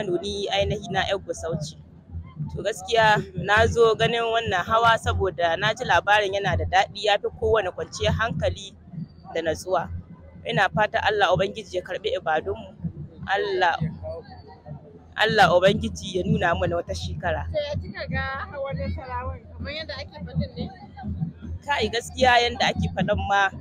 Kano ni ainihi na Ego Gusauci. To gaskiya na zo ganin wannan hawa saboda na ji labarin yana da daɗi ya fi kowane kwanciyar hankali da natsuwa. Ina fata Allah Ubangiji ya karɓi ibadunmu. Allah Allah Ubangiji ya nuna mana wata shekara. Sai ya kika ga hawan sarawan kamar yadda ake faɗin ne? Kai gaskiya yadda ake faɗin ma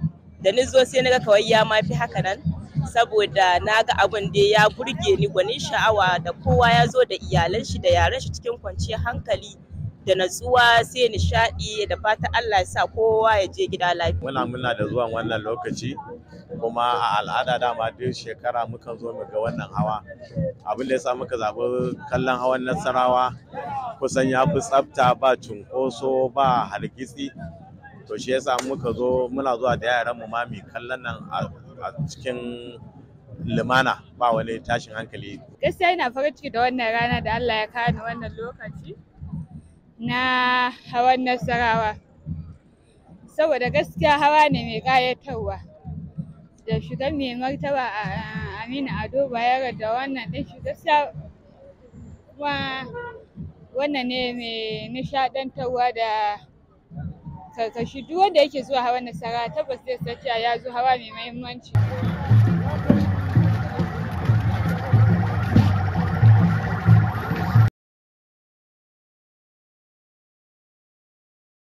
da ni zo sai na ga kawai ya ma fi haka nan. saboda na ga abin da ya burge ni gwanin sha'awa da kowa ya zo da iyalan shi da yaran shi cikin kwanciyar hankali da natsuwa sai nishaɗi da fata Allah ya sa kowa ya je gida lafiya. Muna muna da zuwan wannan lokaci kuma a al'ada dama duk shekara muka zo mu wannan hawa. Abin da ya sa muka zaɓi kallon hawan Nasarawa kusan ya fi tsafta ba cunkoso ba hargitsi. To shi yasa muka zo muna zuwa da yaran mu ma mai kallon nan a cikin lumana ba wani tashin hankali. Gaskiya ina farin ciki da wannan rana da Allah ya kawo ni wannan lokaci na hawan nasarawa. Saboda gaskiya hawa ne mai ƙayatarwa. Da shiga mai martaba a Aminu Ado ya da wannan ɗin shi gaskiya wannan ne mai nishaɗantarwa da karkashi duk wanda yake zuwa hawan nasara tabbas zai san cewa ya zo hawa mai muhimmanci